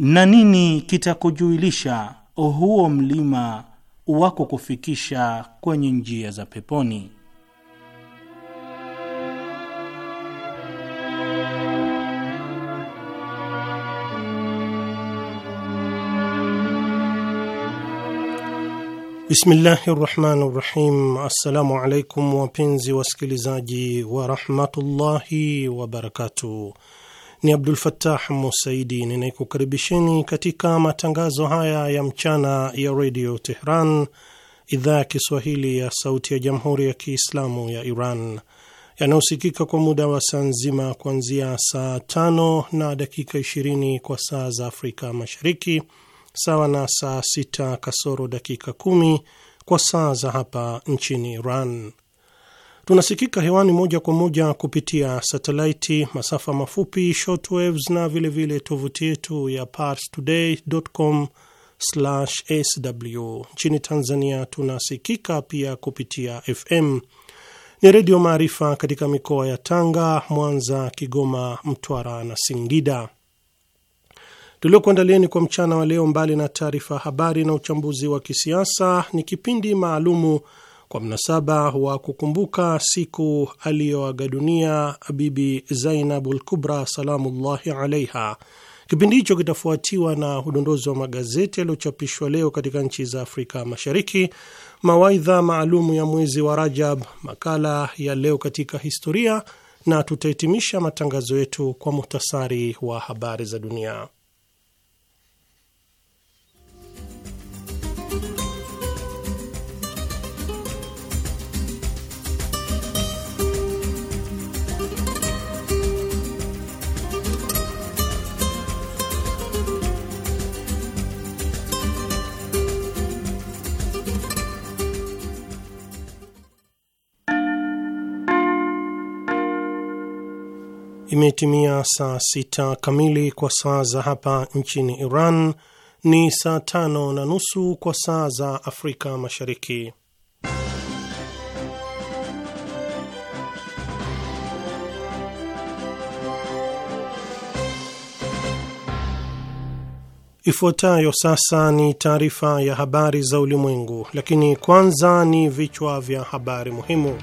na nini kitakujuilisha huo mlima wako kufikisha kwenye njia za peponi? Bismillahi rahmani rahim. Assalamu alaikum wapenzi wasikilizaji warahmatullahi wabarakatuh. Ni Abdul Fattah Musaidi ninayekukaribisheni katika matangazo haya ya mchana ya redio Tehran, idhaa ya Kiswahili ya sauti ya jamhuri ya Kiislamu ya Iran, yanayosikika kwa muda wa saa nzima kuanzia saa tano na dakika ishirini kwa saa za Afrika Mashariki, sawa na saa sita kasoro dakika kumi kwa saa za hapa nchini Iran. Tunasikika hewani moja kwa moja kupitia satelaiti, masafa mafupi shortwaves, na vilevile tovuti yetu ya pars parstoday.com/sw. Nchini Tanzania tunasikika pia kupitia FM ni Redio Maarifa katika mikoa ya Tanga, Mwanza, Kigoma, Mtwara na Singida. Tuliokuandalieni kwa mchana wa leo, mbali na taarifa habari na uchambuzi wa kisiasa, ni kipindi maalumu kwa mnasaba wa kukumbuka siku aliyoaga dunia Bibi Zainabul lkubra salamullahi alaiha. Kipindi hicho kitafuatiwa na udondozi wa magazeti yaliyochapishwa leo katika nchi za Afrika Mashariki, mawaidha maalumu ya mwezi wa Rajab, makala ya leo katika historia, na tutahitimisha matangazo yetu kwa muhtasari wa habari za dunia. Imetimia saa sita kamili kwa saa za hapa nchini Iran, ni saa tano na nusu kwa saa za Afrika Mashariki. Ifuatayo sasa ni taarifa ya habari za ulimwengu, lakini kwanza ni vichwa vya habari muhimu.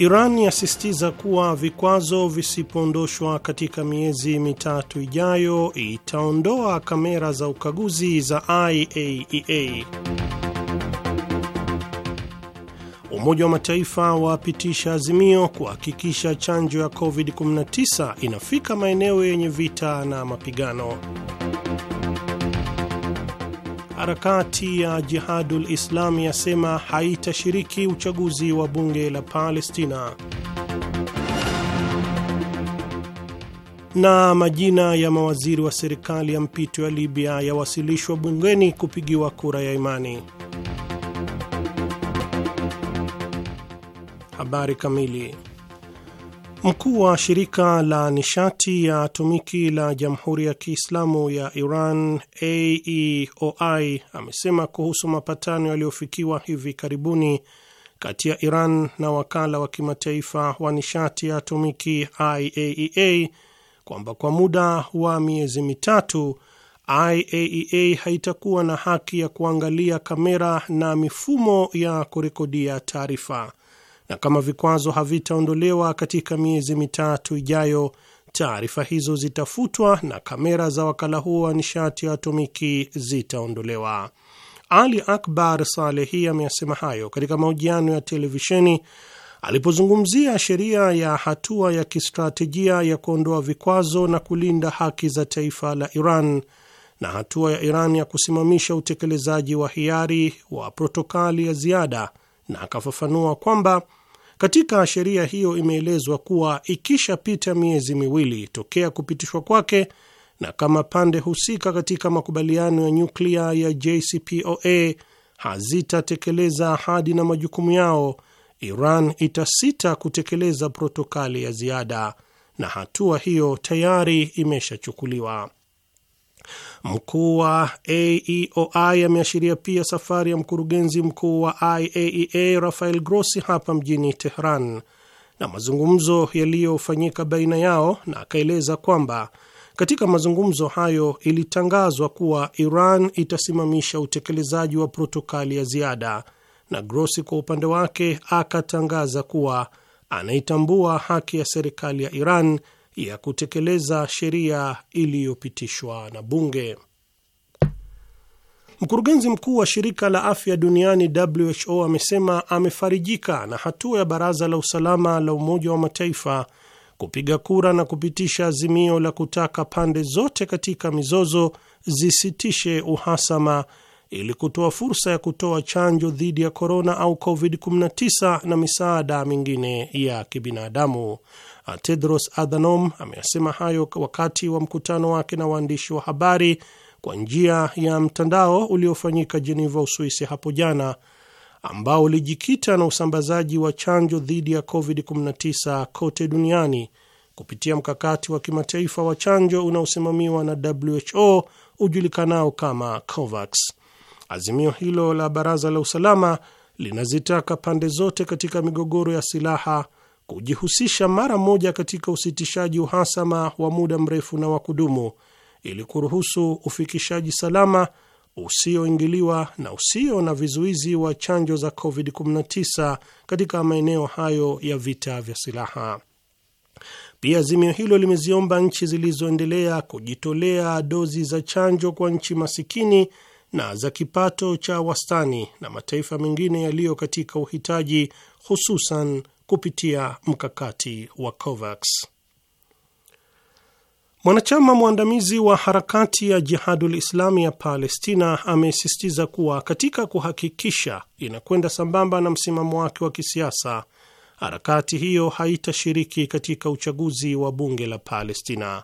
Iran yasisitiza kuwa vikwazo visipoondoshwa katika miezi mitatu ijayo itaondoa kamera za ukaguzi za IAEA. E Umoja wa Mataifa wapitisha azimio kuhakikisha chanjo ya COVID-19 inafika maeneo yenye vita na mapigano harakati ya Jihadul Islami yasema haitashiriki uchaguzi wa bunge la Palestina. Na majina ya mawaziri wa serikali ya mpito ya Libya yawasilishwa bungeni kupigiwa kura ya imani. Habari kamili Mkuu wa shirika la nishati ya atomiki la Jamhuri ya Kiislamu ya Iran AEOI amesema kuhusu mapatano yaliyofikiwa hivi karibuni kati ya Iran na wakala wa kimataifa wa nishati ya atomiki IAEA e kwamba kwa muda wa miezi mitatu IAEA e haitakuwa na haki ya kuangalia kamera na mifumo ya kurekodia taarifa na kama vikwazo havitaondolewa katika miezi mitatu ijayo, taarifa hizo zitafutwa na kamera za wakala huo wa nishati ya atomiki zitaondolewa. Ali Akbar Salehi ameyasema hayo katika mahojiano ya televisheni alipozungumzia sheria ya hatua ya kistratejia ya kuondoa vikwazo na kulinda haki za taifa la Iran na hatua ya Iran ya kusimamisha utekelezaji wa hiari wa protokali ya ziada, na akafafanua kwamba katika sheria hiyo imeelezwa kuwa ikishapita miezi miwili tokea kupitishwa kwake, na kama pande husika katika makubaliano ya nyuklia ya JCPOA hazitatekeleza ahadi na majukumu yao, Iran itasita kutekeleza protokali ya ziada, na hatua hiyo tayari imeshachukuliwa. Mkuu wa AEOI ameashiria pia safari ya mkurugenzi mkuu wa IAEA e Rafael Grossi hapa mjini Tehran na mazungumzo yaliyofanyika baina yao, na akaeleza kwamba katika mazungumzo hayo ilitangazwa kuwa Iran itasimamisha utekelezaji wa protokali ya ziada, na Grossi kwa upande wake akatangaza kuwa anaitambua haki ya serikali ya Iran ya kutekeleza sheria iliyopitishwa na bunge. Mkurugenzi mkuu wa shirika la afya duniani WHO amesema amefarijika na hatua ya baraza la usalama la Umoja wa Mataifa kupiga kura na kupitisha azimio la kutaka pande zote katika mizozo zisitishe uhasama ili kutoa fursa ya kutoa chanjo dhidi ya korona au COVID-19 na misaada mingine ya kibinadamu. Uh, Tedros Adhanom ameyasema hayo wakati wa mkutano wake na waandishi wa habari kwa njia ya mtandao uliofanyika Jeneva, Uswisi hapo jana, ambao ulijikita na usambazaji wa chanjo dhidi ya COVID-19 kote duniani kupitia mkakati wa kimataifa wa chanjo unaosimamiwa na WHO ujulikanao kama COVAX. Azimio hilo la Baraza la Usalama linazitaka pande zote katika migogoro ya silaha kujihusisha mara moja katika usitishaji uhasama wa muda mrefu na wa kudumu ili kuruhusu ufikishaji salama usioingiliwa na usio na vizuizi wa chanjo za COVID-19 katika maeneo hayo ya vita vya silaha. Pia azimio hilo limeziomba nchi zilizoendelea kujitolea dozi za chanjo kwa nchi masikini na za kipato cha wastani na mataifa mengine yaliyo katika uhitaji, hususan kupitia mkakati wa COVAX. Mwanachama mwandamizi wa harakati ya Jihadul Islami ya Palestina amesisitiza kuwa katika kuhakikisha inakwenda sambamba na msimamo wake wa kisiasa, harakati hiyo haitashiriki katika uchaguzi wa bunge la Palestina.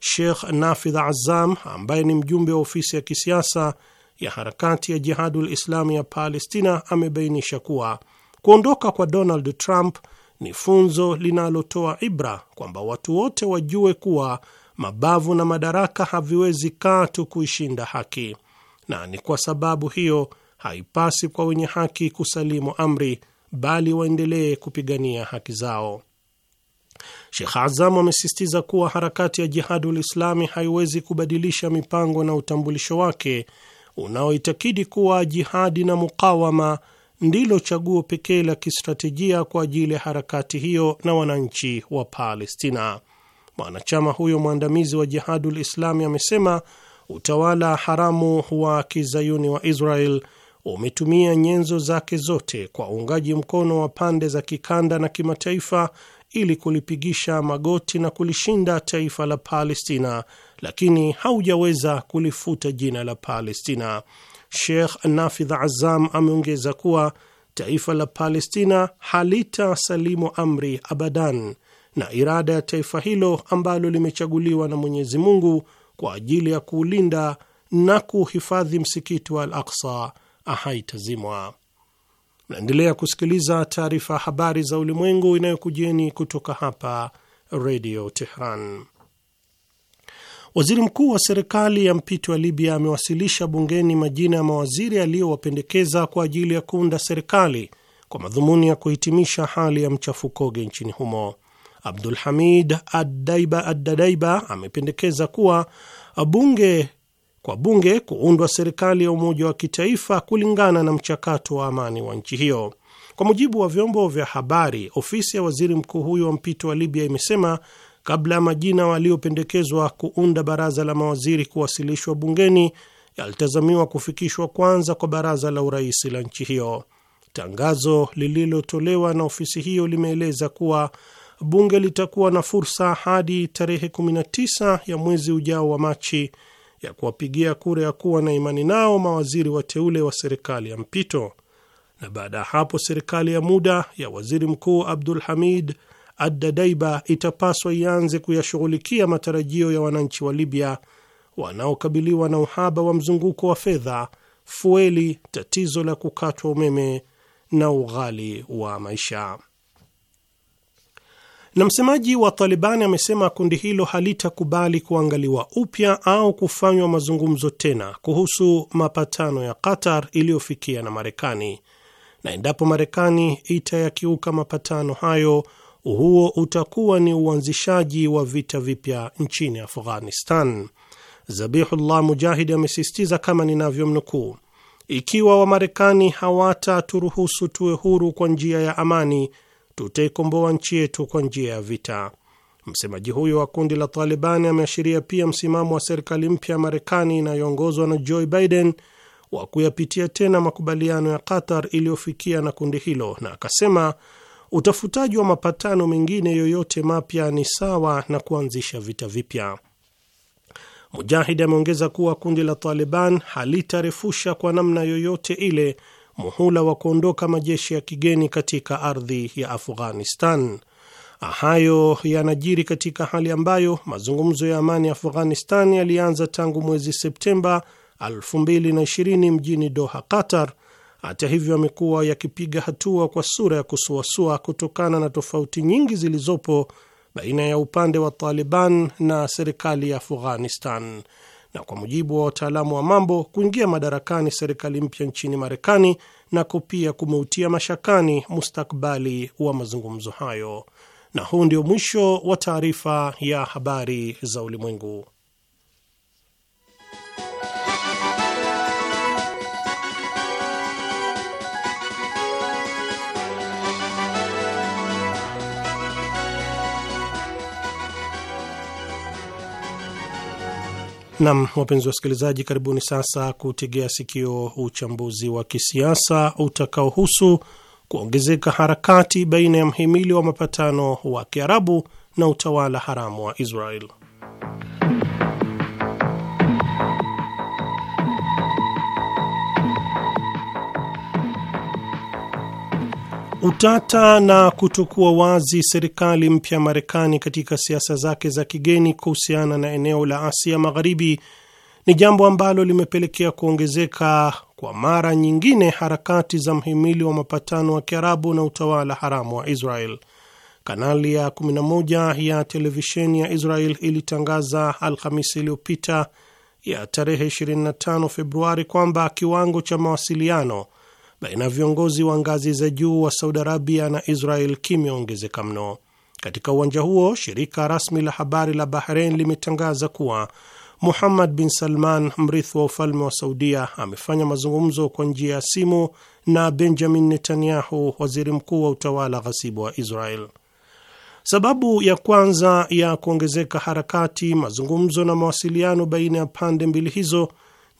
Sheikh Nafidh Azam ambaye ni mjumbe wa ofisi ya kisiasa ya harakati ya Jihadul Islami ya Palestina amebainisha kuwa Kuondoka kwa Donald Trump ni funzo linalotoa ibra kwamba watu wote wajue kuwa mabavu na madaraka haviwezi katu kuishinda haki, na ni kwa sababu hiyo haipasi kwa wenye haki kusalimu amri, bali waendelee kupigania haki zao. Shekh Azam amesisitiza kuwa harakati ya Jihadul Islami haiwezi kubadilisha mipango na utambulisho wake unaoitakidi kuwa jihadi na mukawama ndilo chaguo pekee la kistratejia kwa ajili ya harakati hiyo na wananchi wa Palestina. Mwanachama huyo mwandamizi wa Jihadul Islami amesema utawala haramu wa kizayuni wa Israel umetumia nyenzo zake zote kwa uungaji mkono wa pande za kikanda na kimataifa ili kulipigisha magoti na kulishinda taifa la Palestina, lakini haujaweza kulifuta jina la Palestina. Sheikh nafidh Azam ameongeza kuwa taifa la Palestina halita salimu amri abadan, na irada ya taifa hilo ambalo limechaguliwa na Mwenyezi Mungu kwa ajili ya kuulinda na kuhifadhi msikiti wa Al Aksa haitazimwa. Mnaendelea kusikiliza taarifa ya habari za ulimwengu inayokujieni kutoka hapa Redio Tehran. Waziri mkuu wa serikali ya mpito ya Libya amewasilisha bungeni majina ya mawaziri aliyowapendekeza kwa ajili ya kuunda serikali kwa madhumuni ya kuhitimisha hali ya mchafukoge nchini humo. Abdul Hamid Adaiba Adadaiba amependekeza kuwa bunge kwa bunge kuundwa serikali ya umoja wa kitaifa kulingana na mchakato wa amani wa nchi hiyo. Kwa mujibu wa vyombo vya habari, ofisi ya waziri mkuu huyo wa mpito wa Libya imesema kabla majina waliopendekezwa kuunda baraza la mawaziri kuwasilishwa bungeni yalitazamiwa kufikishwa kwanza kwa baraza la urais la nchi hiyo. Tangazo lililotolewa na ofisi hiyo limeeleza kuwa bunge litakuwa na fursa hadi tarehe 19 ya mwezi ujao wa Machi ya kuwapigia kura ya kuwa na imani nao mawaziri wateule wa serikali ya mpito, na baada ya hapo serikali ya muda ya waziri mkuu Abdul Hamid Adadaiba itapaswa ianze kuyashughulikia matarajio ya wananchi wa Libya wanaokabiliwa na uhaba wa mzunguko wa fedha, fueli, tatizo la kukatwa umeme na ughali wa maisha. Na msemaji wa Talibani amesema kundi hilo halitakubali kuangaliwa upya au kufanywa mazungumzo tena kuhusu mapatano ya Qatar iliyofikia na Marekani, na endapo Marekani itayakiuka mapatano hayo huo utakuwa ni uanzishaji wa vita vipya nchini Afghanistan. Zabihullah Mujahidi amesisitiza kama ninavyomnukuu, ikiwa Wamarekani hawataturuhusu tuwe huru kwa njia ya amani, tutaikomboa nchi yetu kwa njia ya vita. Msemaji huyo wa kundi la Talibani ameashiria pia msimamo wa serikali mpya ya Marekani inayoongozwa na Joe Biden wa kuyapitia tena makubaliano ya Qatar iliyofikia na kundi hilo, na akasema utafutaji wa mapatano mengine yoyote mapya ni sawa na kuanzisha vita vipya. Mujahidi ameongeza kuwa kundi la Taliban halitarefusha kwa namna yoyote ile muhula wa kuondoka majeshi ya kigeni katika ardhi ya Afghanistan. Hayo yanajiri katika hali ambayo mazungumzo ya amani ya Afghanistan yalianza tangu mwezi Septemba 2020 mjini Doha, Qatar, hata hivyo, yamekuwa yakipiga hatua kwa sura ya kusuasua kutokana na tofauti nyingi zilizopo baina ya upande wa Taliban na serikali ya Afghanistan. Na kwa mujibu wa wataalamu wa mambo, kuingia madarakani serikali mpya nchini Marekani nako pia kumeutia mashakani mustakbali wa mazungumzo hayo. Na huu ndio mwisho wa taarifa ya habari za ulimwengu. Nam, wapenzi wasikilizaji, karibuni sasa kutegea sikio uchambuzi wa kisiasa utakaohusu kuongezeka harakati baina ya mhimili wa mapatano wa Kiarabu na utawala haramu wa Israel. Utata na kutokuwa wazi serikali mpya ya Marekani katika siasa zake za kigeni kuhusiana na eneo la Asia Magharibi ni jambo ambalo limepelekea kuongezeka kwa mara nyingine harakati za mhimili wa mapatano wa Kiarabu na utawala haramu wa Israel. Kanali ya 11 ya televisheni ya Israel ilitangaza Alhamisi iliyopita ya tarehe 25 Februari kwamba kiwango cha mawasiliano baina ya viongozi wa ngazi za juu wa Saudi Arabia na Israel kimeongezeka mno. Katika uwanja huo, shirika rasmi la habari la Bahrain limetangaza kuwa Muhammad bin Salman, mrithi wa ufalme wa Saudia, amefanya mazungumzo kwa njia ya simu na Benjamin Netanyahu, waziri mkuu wa utawala ghasibu wa Israel. Sababu ya kwanza ya kuongezeka harakati, mazungumzo na mawasiliano baina ya pande mbili hizo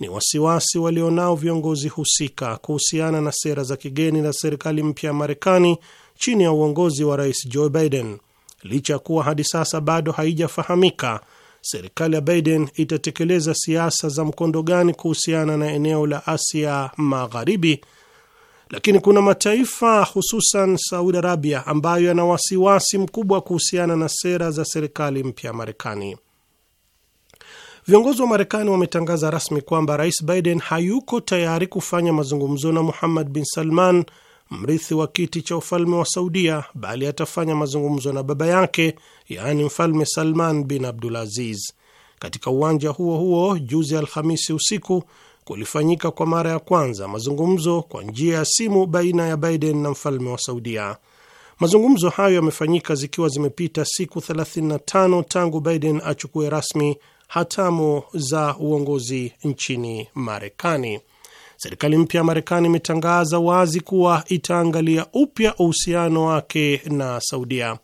ni wasiwasi walionao viongozi husika kuhusiana na sera za kigeni na serikali mpya ya Marekani chini ya uongozi wa Rais Joe Biden, licha ya kuwa hadi sasa bado haijafahamika serikali ya Biden itatekeleza siasa za mkondo gani kuhusiana na eneo la Asia Magharibi. Lakini kuna mataifa hususan Saudi Arabia ambayo yana wasiwasi mkubwa kuhusiana na sera za serikali mpya ya Marekani. Viongozi wa Marekani wametangaza rasmi kwamba Rais Biden hayuko tayari kufanya mazungumzo na Muhammad bin Salman, mrithi wa kiti cha ufalme wa Saudia, bali atafanya mazungumzo na baba yake, yaani Mfalme Salman bin abdul aziz Katika uwanja huo huo, juzi Alhamisi usiku kulifanyika kwa mara ya kwanza mazungumzo kwa njia ya simu baina ya Biden na mfalme wa Saudia. Mazungumzo hayo yamefanyika zikiwa zimepita siku 35 tangu Biden achukue rasmi hatamu za uongozi nchini Marekani. Serikali mpya ya Marekani imetangaza wazi kuwa itaangalia upya uhusiano wake na Saudia.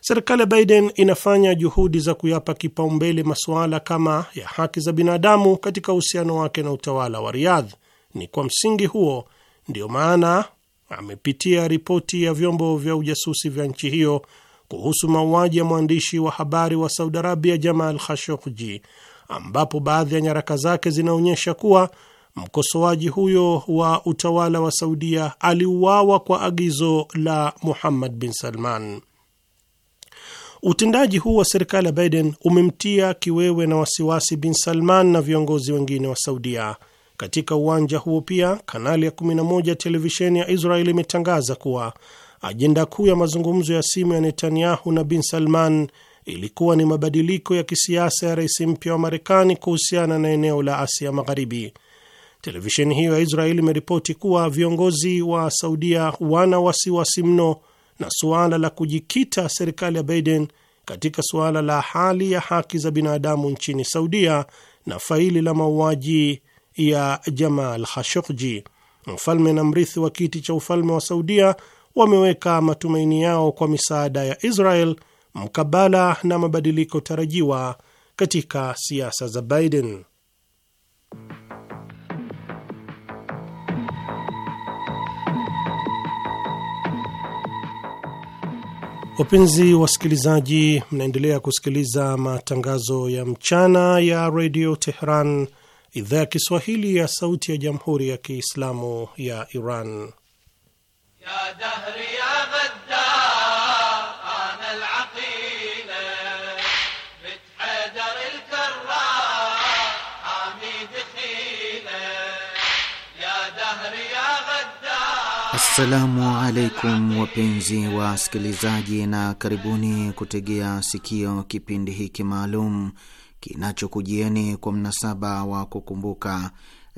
Serikali ya Biden inafanya juhudi za kuyapa kipaumbele masuala kama ya haki za binadamu katika uhusiano wake na utawala wa Riyadh. Ni kwa msingi huo ndiyo maana amepitia ripoti ya vyombo vya ujasusi vya nchi hiyo kuhusu mauaji ya mwandishi wa habari wa Saudi Arabia Jamal Khashoggi, ambapo baadhi ya nyaraka zake zinaonyesha kuwa mkosoaji huyo wa utawala wa Saudia aliuawa kwa agizo la Muhammad bin Salman. Utendaji huu wa serikali ya Biden umemtia kiwewe na wasiwasi bin Salman na viongozi wengine wa Saudia. Katika uwanja huo pia, kanali ya 11 televisheni ya Israeli imetangaza kuwa ajenda kuu ya mazungumzo ya simu ya Netanyahu na bin Salman ilikuwa ni mabadiliko ya kisiasa ya rais mpya wa Marekani kuhusiana na eneo la Asia Magharibi. Televisheni hiyo ya Israeli imeripoti kuwa viongozi wa Saudia wana wasiwasi mno na suala la kujikita serikali ya Biden katika suala la hali ya haki za binadamu nchini Saudia na faili la mauaji ya Jamal Khashoggi. Mfalme na mrithi wa kiti cha ufalme wa Saudia wameweka matumaini yao kwa misaada ya Israel mkabala na mabadiliko tarajiwa katika siasa za Biden. Wapenzi wasikilizaji, mnaendelea kusikiliza matangazo ya mchana ya redio Tehran, idhaa ya Kiswahili ya sauti ya jamhuri ya Kiislamu ya Iran ya Assalamu alaikum wapenzi wa wasikilizaji, na karibuni kutegea sikio kipindi hiki maalum kinachokujieni kwa mnasaba wa kukumbuka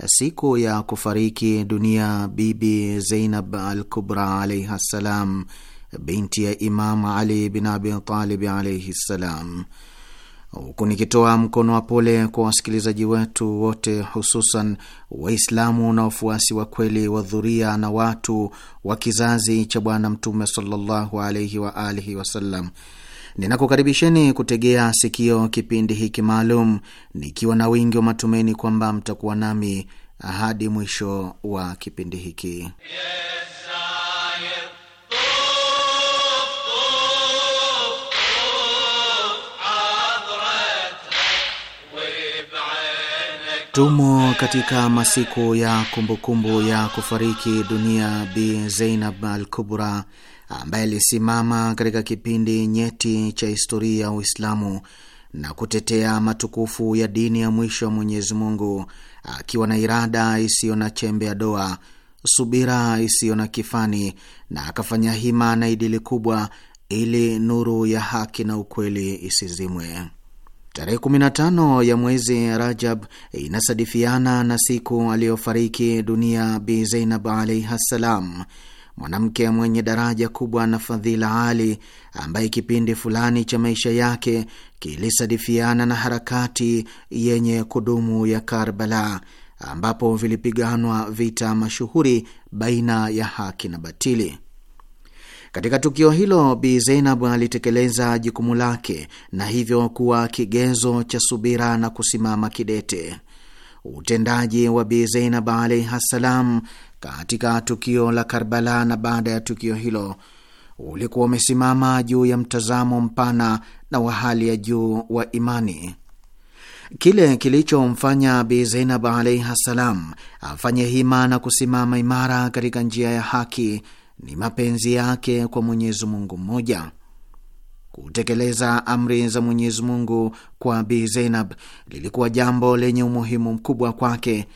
siku ya kufariki dunia Bibi Zeinab al Kubra alaihi ssalam, binti ya Imam Ali bin Abi Talib alaihi ssalam huku nikitoa mkono wa pole kwa wasikilizaji wetu wote, hususan Waislamu na wafuasi wa kweli wa dhuria na watu wa kizazi cha Bwana Mtume sallallahu alaihi wa alihi wasallam. Ninakukaribisheni kutegea sikio kipindi hiki maalum nikiwa na wingi wa matumaini kwamba mtakuwa nami hadi mwisho wa kipindi hiki yes. Tumo katika masiku ya kumbukumbu kumbu ya kufariki dunia Bi Zeinab Al Kubra, ambaye alisimama katika kipindi nyeti cha historia ya Uislamu na kutetea matukufu ya dini ya mwisho wa Mwenyezi Mungu akiwa na irada isiyo na chembe ya doa, subira isiyo na kifani, na akafanya hima na idili kubwa ili nuru ya haki na ukweli isizimwe. Tarehe 15 ya mwezi Rajab eh, inasadifiana na siku aliyofariki dunia Bi Zeinab alaihi ssalam, mwanamke mwenye daraja kubwa na fadhila ali, ambaye kipindi fulani cha maisha yake kilisadifiana na harakati yenye kudumu ya Karbala, ambapo vilipiganwa vita mashuhuri baina ya haki na batili. Katika tukio hilo, Bi Zeinab alitekeleza jukumu lake na hivyo kuwa kigezo cha subira na kusimama kidete. Utendaji wa Bi Zeinab alaihi ssalam katika tukio la Karbala na baada ya tukio hilo ulikuwa umesimama juu ya mtazamo mpana na wa hali ya juu wa imani. Kile kilichomfanya Bi Zeinab alaihi ssalam afanye hima na kusimama imara katika njia ya haki ni mapenzi yake kwa Mwenyezi Mungu mmoja. Kutekeleza amri za Mwenyezi Mungu kwa Bi Zeinab lilikuwa jambo lenye umuhimu mkubwa kwake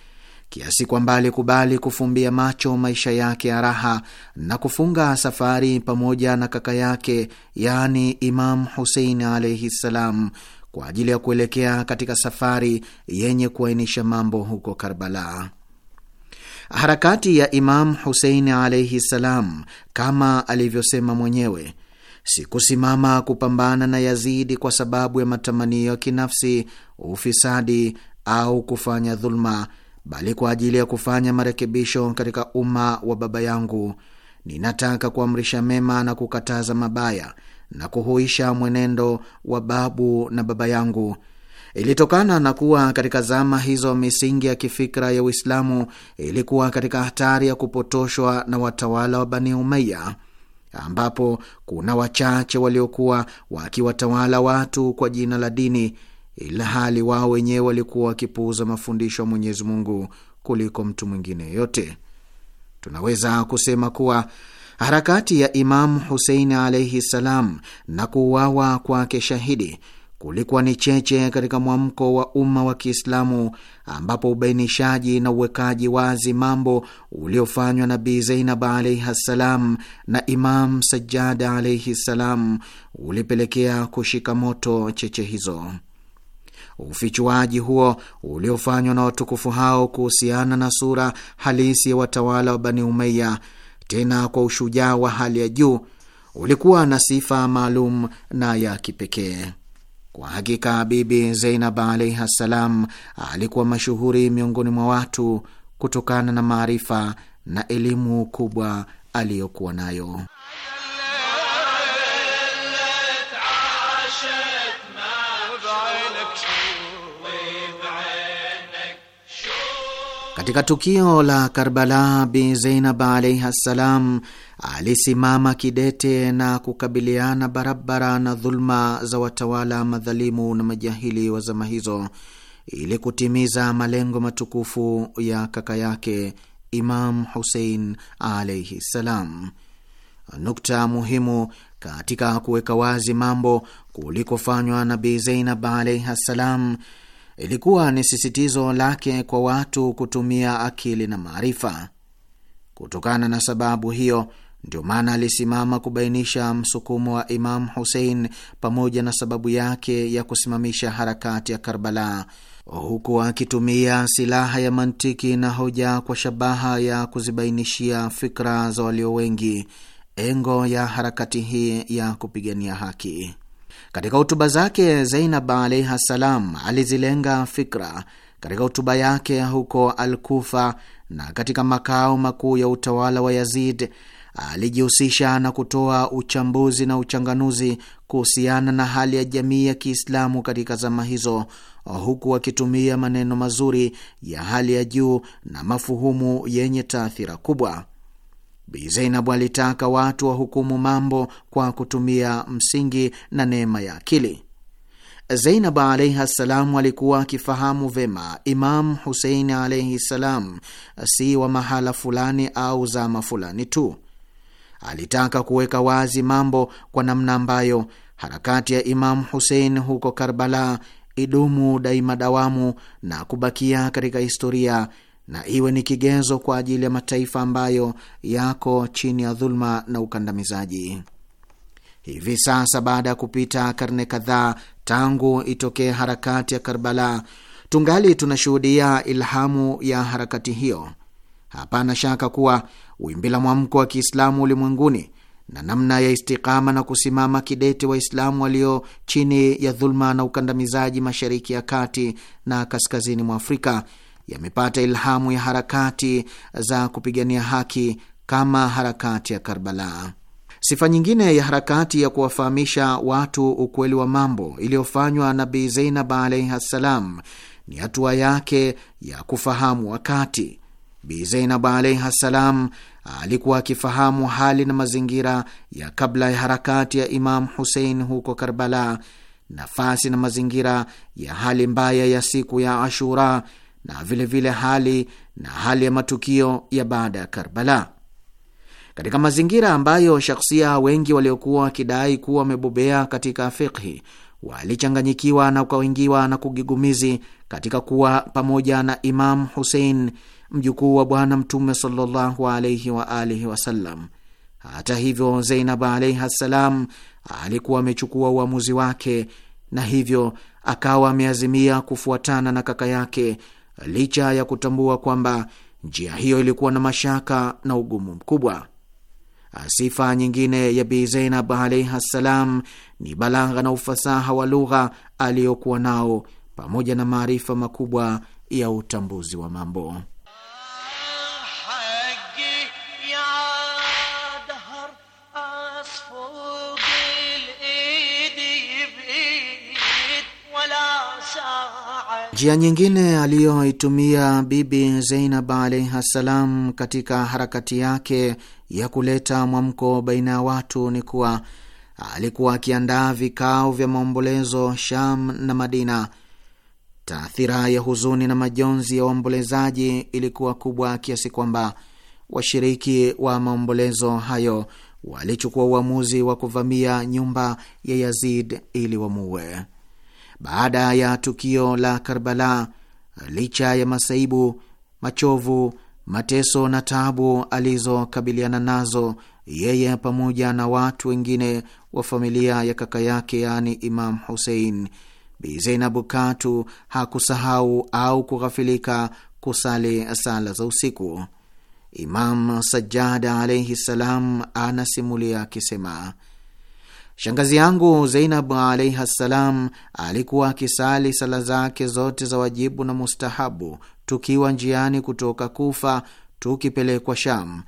kiasi kwamba alikubali kufumbia macho maisha yake ya raha na kufunga safari pamoja na kaka yake, yaani Imam Husein alaihi ssalam, kwa ajili ya kuelekea katika safari yenye kuainisha mambo huko Karbala. Harakati ya Imamu Husein alaihi ssalam, kama alivyosema mwenyewe, sikusimama kupambana na Yazidi kwa sababu ya matamanio ya kinafsi, ufisadi au kufanya dhuluma, bali kwa ajili ya kufanya marekebisho katika umma wa baba yangu. Ninataka kuamrisha mema na kukataza mabaya na kuhuisha mwenendo wa babu na baba yangu ilitokana na kuwa katika zama hizo misingi ya kifikra ya Uislamu ilikuwa katika hatari ya kupotoshwa na watawala wa Bani umeya ambapo kuna wachache waliokuwa wakiwatawala watu kwa jina la dini, ila hali wao wenyewe walikuwa wakipuuza mafundisho ya Mwenyezi Mungu kuliko mtu mwingine yeyote Tunaweza kusema kuwa harakati ya Imamu Husein alaihi salam na kuuawa kwake shahidi kulikuwa ni cheche katika mwamko wa umma wa Kiislamu, ambapo ubainishaji na uwekaji wazi mambo uliofanywa Nabii Zainab alaihi ssalam na Imam Sajjad alaihi ssalam ulipelekea kushika moto cheche hizo. Ufichuaji huo uliofanywa na watukufu hao kuhusiana na sura halisi ya watawala wa Bani Umeya, tena kwa ushujaa wa hali ya juu, ulikuwa na sifa maalum na ya kipekee. Kwa hakika Bibi Zeinab alaihi ssalam alikuwa mashuhuri miongoni mwa watu kutokana na maarifa na elimu kubwa aliyokuwa nayo. Katika tukio la Karbala, Bi Zeinab alaihi ssalam alisimama kidete na kukabiliana barabara na dhuluma za watawala madhalimu na majahili wa zama hizo ili kutimiza malengo matukufu ya kaka yake Imam Husein alaihi ssalam. Nukta muhimu katika kuweka wazi mambo kulikofanywa na Bi Zeinab alaihi ssalam ilikuwa ni sisitizo lake kwa watu kutumia akili na maarifa. Kutokana na sababu hiyo, ndio maana alisimama kubainisha msukumo wa Imamu Husein pamoja na sababu yake ya kusimamisha harakati ya Karbala, huku akitumia silaha ya mantiki na hoja kwa shabaha ya kuzibainishia fikra za walio wengi engo ya harakati hii ya kupigania haki. Katika hotuba zake Zainab alaihi ssalam alizilenga fikra katika hotuba yake huko Al-Kufa na katika makao makuu ya utawala wa Yazid alijihusisha na kutoa uchambuzi na uchanganuzi kuhusiana na hali ya jamii ya Kiislamu katika zama hizo, huku akitumia maneno mazuri ya hali ya juu na mafuhumu yenye taathira kubwa. Bi Zainabu alitaka watu wahukumu mambo kwa kutumia msingi na neema ya akili. Zainabu alaihi ssalam alikuwa akifahamu vema Imamu Husein alaihi ssalam si wa mahala fulani au zama fulani tu. Alitaka kuweka wazi mambo kwa namna ambayo harakati ya Imamu Husein huko Karbala idumu daima dawamu na kubakia katika historia na iwe ni kigezo kwa ajili ya mataifa ambayo yako chini ya dhuluma na ukandamizaji. Hivi sasa baada ya kupita karne kadhaa tangu itokee harakati ya Karbala, tungali tunashuhudia ilhamu ya harakati hiyo. Hapana shaka kuwa wimbi la mwamko wa Kiislamu ulimwenguni na namna ya istikama na kusimama kidete Waislamu walio chini ya dhuluma na ukandamizaji mashariki ya kati na kaskazini mwa Afrika yamepata ilhamu ya harakati za kupigania haki kama harakati ya Karbala. Sifa nyingine ya harakati ya kuwafahamisha watu ukweli wa mambo iliyofanywa nabi Zeinab alaihi ssalam ni hatua yake ya kufahamu wakati. Bi Zeinab alaihi ssalam alikuwa akifahamu hali na mazingira ya kabla ya harakati ya Imamu Husein huko Karbala, nafasi na mazingira ya hali mbaya ya siku ya Ashura na vilevile vile hali na hali ya matukio ya baada ya Karbala. Katika mazingira ambayo shakhsia wengi waliokuwa wakidai kuwa wamebobea katika fikhi walichanganyikiwa na ukaingiwa na kugigumizi katika kuwa pamoja na Imam Husein, mjukuu wa Bwana Mtume sallallahu alaihi wa alihi wasallam. Hata hivyo, Zeinab alaihi ssalam alikuwa amechukua uamuzi wake na hivyo akawa ameazimia kufuatana na kaka yake licha ya kutambua kwamba njia hiyo ilikuwa na mashaka na ugumu mkubwa. Sifa nyingine ya Bi Zeinab alaihi ssalam ni balagha na ufasaha wa lugha aliyokuwa nao pamoja na maarifa makubwa ya utambuzi wa mambo. Njia nyingine aliyoitumia Bibi Zeinab alaihi ssalam katika harakati yake ya kuleta mwamko baina ya watu ni kuwa alikuwa akiandaa vikao vya maombolezo Sham na Madina. Taathira ya huzuni na majonzi ya waombolezaji ilikuwa kubwa kiasi kwamba washiriki wa maombolezo hayo walichukua uamuzi wa kuvamia nyumba ya Yazid ili wamuue baada ya tukio la Karbala, licha ya masaibu, machovu, mateso na taabu alizokabiliana nazo yeye pamoja na watu wengine wa familia ya kaka yake, yaani Imam Husein, Bi katu hakusahau au kughafilika kusali sala za usiku. Imam Sajjada alaihi ssalam anasimulia akisema Shangazi yangu zeinab alaihi ssalam alikuwa akisali sala zake zote za wajibu na mustahabu tukiwa njiani kutoka Kufa tukipelekwa Sham,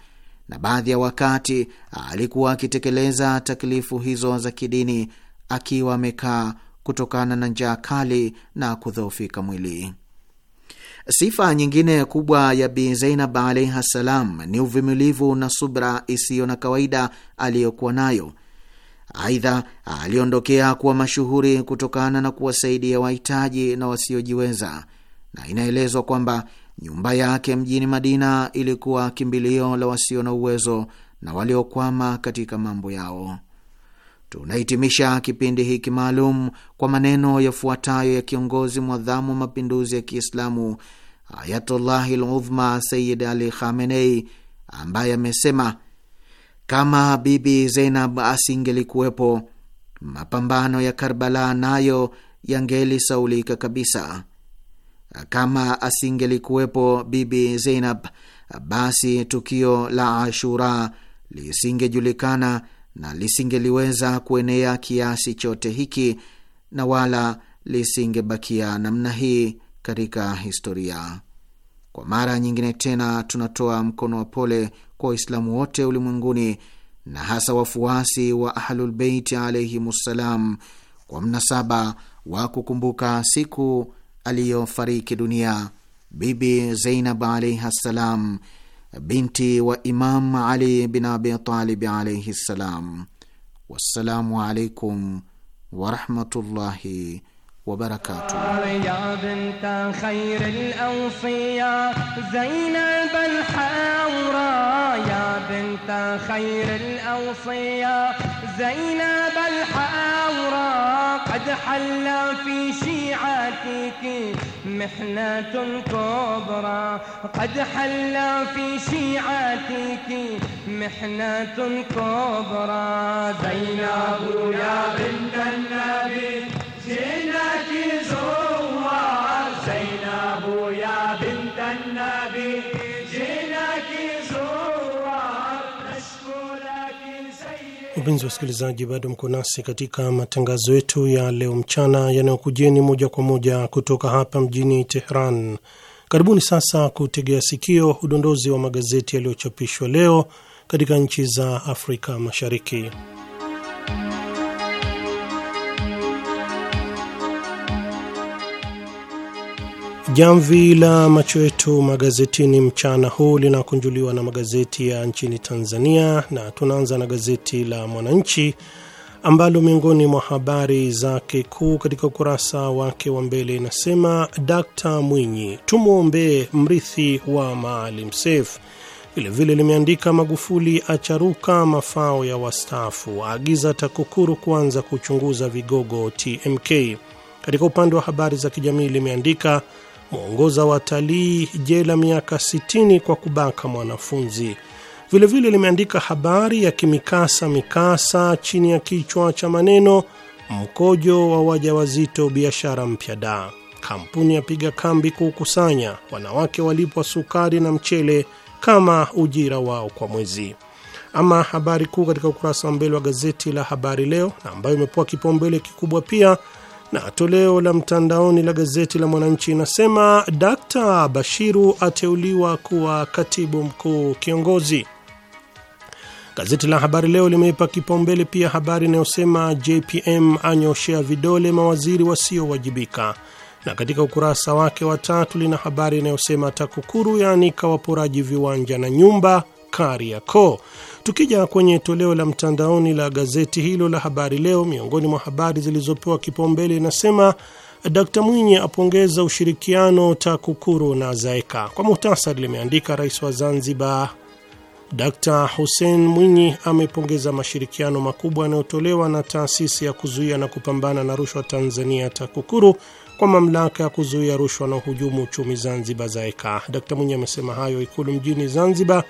na baadhi ya wakati alikuwa akitekeleza taklifu hizo za kidini akiwa amekaa kutokana na njaa kali na kudhoofika mwili. Sifa nyingine kubwa ya Bi Zeinab alaihi ssalam ni uvumilivu na subra isiyo na kawaida aliyokuwa nayo Aidha, aliondokea kuwa mashuhuri kutokana na kuwasaidia wahitaji na wasiojiweza, na inaelezwa kwamba nyumba yake mjini Madina ilikuwa kimbilio la wasio na uwezo na waliokwama katika mambo yao. Tunahitimisha kipindi hiki maalum kwa maneno yafuatayo ya kiongozi mwadhamu wa mapinduzi ya Kiislamu Ayatullahi Ludhma Sayid Ali Khamenei ambaye amesema kama Bibi Zeinab asingelikuwepo, mapambano ya Karbala nayo yangelisaulika kabisa. Kama asingelikuwepo Bibi Zeinab, basi tukio la Ashura lisingejulikana na lisingeliweza kuenea kiasi chote hiki na wala lisingebakia namna hii katika historia. Kwa mara nyingine tena tunatoa mkono wa pole kwa Waislamu wote ulimwenguni na hasa wafuasi wa Ahlulbeiti alaihimussalam kwa mnasaba wa kukumbuka siku aliyofariki dunia Bibi Zeinab alaihi ssalam, binti wa Imam Ali bin Abitalib alaihi ssalam. Wassalamu alaikum warahmatullahi وبركاته يا بنت خير الأوصية زينب الحاورة يا بنت خير الأوصية زينب الحاورة قد حل في شيعتك محنة كبرى قد حل في شيعتك محنة كبرى زينب يا بنت النبي جئنا wa wasikilizaji, bado mko nasi katika matangazo yetu ya leo mchana yanayokujeni moja kwa moja kutoka hapa mjini Tehran. Karibuni sasa kutegea sikio udondozi wa magazeti yaliyochapishwa leo katika nchi za Afrika Mashariki. Jamvi la macho yetu magazetini mchana huu linakunjuliwa na magazeti ya nchini Tanzania, na tunaanza na gazeti la Mwananchi ambalo miongoni mwa habari zake kuu katika ukurasa wake wa mbele inasema d Mwinyi tumwombee mrithi wa Maalim Seif. Vilevile limeandika Magufuli acharuka mafao ya wastaafu, aagiza TAKUKURU kuanza kuchunguza vigogo TMK. Katika upande wa habari za kijamii limeandika mwongoza watalii jela miaka 60 kwa kubaka mwanafunzi. Vilevile limeandika habari ya kimikasa mikasa chini ya kichwa cha maneno mkojo wa wajawazito biashara mpya da kampuni yapiga kambi kuukusanya, wanawake walipwa sukari na mchele kama ujira wao kwa mwezi. Ama habari kuu katika ukurasa wa mbele wa gazeti la Habari Leo, na ambayo imepewa kipaumbele kikubwa pia na toleo la mtandaoni la gazeti la Mwananchi inasema Dkt Bashiru ateuliwa kuwa katibu mkuu kiongozi. Gazeti la Habari Leo limeipa kipaumbele pia habari inayosema JPM anyoshea vidole mawaziri wasiowajibika, na katika ukurasa wake wa tatu lina habari inayosema TAKUKURU yaanika waporaji viwanja na nyumba Kariakoo. Tukija kwenye toleo la mtandaoni la gazeti hilo la Habari Leo, miongoni mwa habari zilizopewa kipaumbele inasema Dkt Mwinyi apongeza ushirikiano TAKUKURU na ZAEKA. Kwa muhtasari, limeandika rais wa Zanzibar Dkt Hussein Mwinyi amepongeza mashirikiano makubwa yanayotolewa na taasisi ya kuzuia na kupambana na rushwa Tanzania TAKUKURU kwa mamlaka ya kuzuia rushwa na uhujumu uchumi Zanzibar ZAEKA. Dkt Mwinyi amesema hayo Ikulu mjini Zanzibar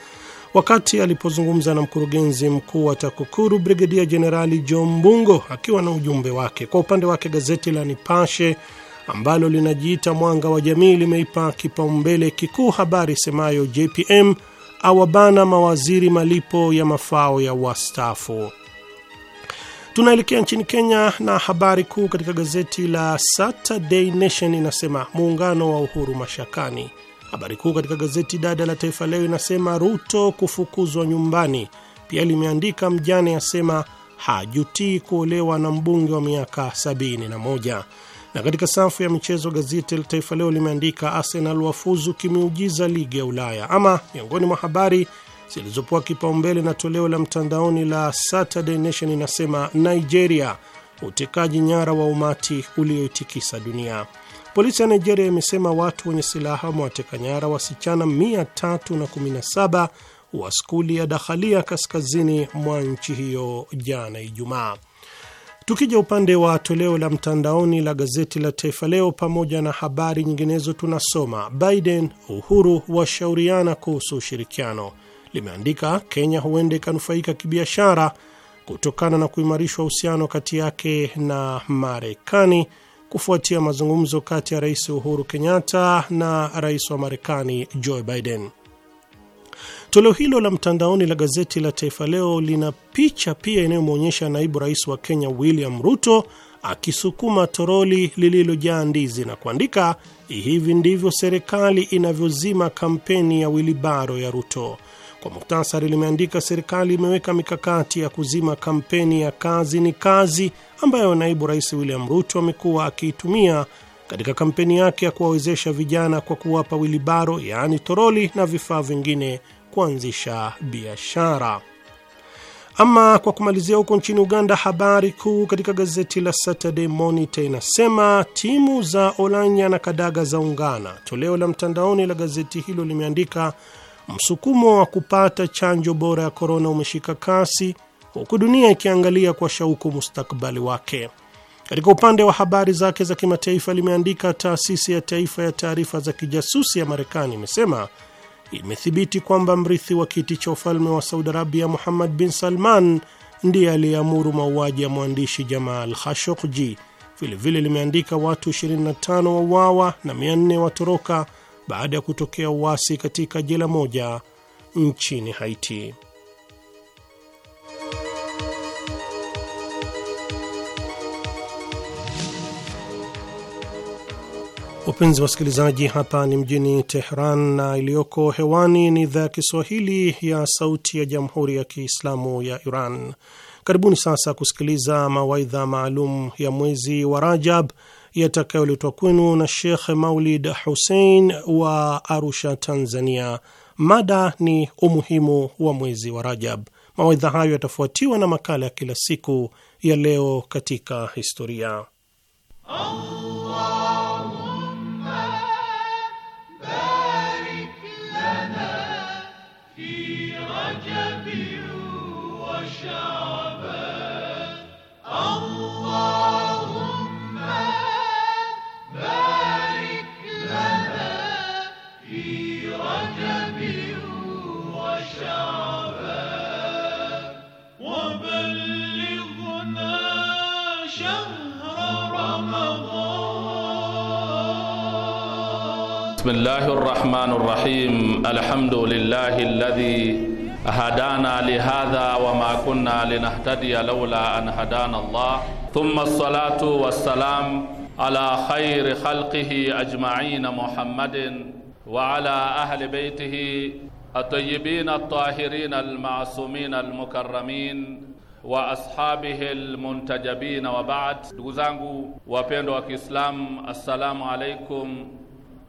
wakati alipozungumza na mkurugenzi mkuu wa TAKUKURU Brigedia Jenerali John Mbungo akiwa na ujumbe wake. Kwa upande wake, gazeti la Nipashe ambalo linajiita Mwanga wa Jamii limeipa kipaumbele kikuu habari semayo JPM awabana mawaziri malipo ya mafao ya wastaafu. Tunaelekea nchini Kenya na habari kuu katika gazeti la Saturday Nation inasema muungano wa Uhuru mashakani. Habari kuu katika gazeti dada la Taifa Leo inasema Ruto kufukuzwa nyumbani. Pia limeandika mjane asema hajutii kuolewa na mbunge wa miaka 71. Na katika safu ya michezo gazeti la Taifa Leo limeandika Arsenal wafuzu kimeujiza ligi ya Ulaya. Ama miongoni mwa habari zilizopewa kipaumbele na toleo la mtandaoni la Saturday Nation inasema Nigeria, utekaji nyara wa umati ulioitikisa dunia. Polisi ya Nigeria imesema watu wenye silaha wamewateka nyara wasichana 317 wa skuli ya Dakhalia kaskazini mwa nchi hiyo jana Ijumaa. Tukija upande wa toleo la mtandaoni la gazeti la Taifa Leo pamoja na habari nyinginezo, tunasoma Biden Uhuru washauriana kuhusu ushirikiano. Limeandika Kenya huenda ikanufaika kibiashara kutokana na kuimarishwa uhusiano kati yake na Marekani kufuatia mazungumzo kati ya Rais Uhuru Kenyatta na rais wa Marekani Joe Biden. Toleo hilo la mtandaoni la gazeti la Taifa Leo lina picha pia inayomwonyesha naibu rais wa Kenya William Ruto akisukuma toroli lililojaa ndizi na kuandika, hivi ndivyo serikali inavyozima kampeni ya Wilibaro ya Ruto. Kwa muhtasari, limeandika serikali imeweka mikakati ya kuzima kampeni ya kazi ni kazi ambayo naibu rais William Ruto amekuwa akiitumia katika kampeni yake ya kuwawezesha vijana kwa kuwapa wilibaro, yaani toroli na vifaa vingine kuanzisha biashara. Ama kwa kumalizia, huko nchini Uganda, habari kuu katika gazeti la Saturday Monitor inasema timu za Olanya na Kadaga zaungana. Toleo la mtandaoni la gazeti hilo limeandika Msukumo wa kupata chanjo bora ya korona umeshika kasi huku dunia ikiangalia kwa shauku mustakabali wake. Katika upande wa habari zake za kimataifa, limeandika taasisi ya taifa ya taarifa za kijasusi ya Marekani imesema imethibiti kwamba mrithi wa kiti cha ufalme wa Saudi Arabia Muhammad bin Salman ndiye aliyeamuru mauaji ya mwandishi Jamal Khashoggi. Vilevile limeandika watu 25 wauawa na 400 watoroka baada ya kutokea uasi katika jela moja nchini Haiti. Wapenzi wasikilizaji, hapa ni mjini Tehran na iliyoko hewani ni idhaa ya Kiswahili ya Sauti ya Jamhuri ya Kiislamu ya Iran. Karibuni sasa kusikiliza mawaidha maalum ya mwezi wa Rajab yatakayoletwa kwenu na Shekh Maulid husein wa Arusha, Tanzania. Mada ni umuhimu wa mwezi wa Rajab. Mawaidha hayo yatafuatiwa na makala ya kila siku ya leo katika historia. Allah. بسم الله الرحمن الرحيم الحمد لله الذي هدانا لهذا وما كنا لنهتدي لولا أن هدانا الله ثم الصلاة والسلام على خير خلقه أجمعين محمد وعلى أهل بيته الطيبين الطاهرين المعصومين المكرمين واصحابه المنتجبين وبعد دوزانغو baad. Ndugu السلام عليكم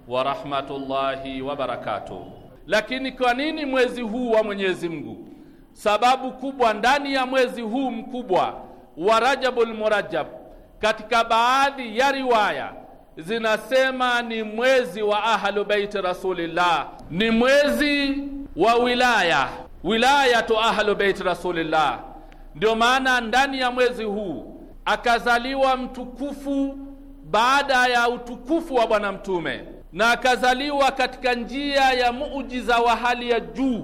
wa rahmatullahi wa barakatuh. Lakini kwa nini mwezi huu wa Mwenyezi Mungu? Sababu kubwa ndani ya mwezi huu mkubwa wa Rajabul Murajab, katika baadhi ya riwaya zinasema ni mwezi wa ahlu beiti Rasulillah, ni mwezi wa wilaya, wilayatu ahlu beiti Rasulillah. Ndio maana ndani ya mwezi huu akazaliwa mtukufu baada ya utukufu wa Bwana Mtume na akazaliwa katika njia ya muujiza wa hali ya juu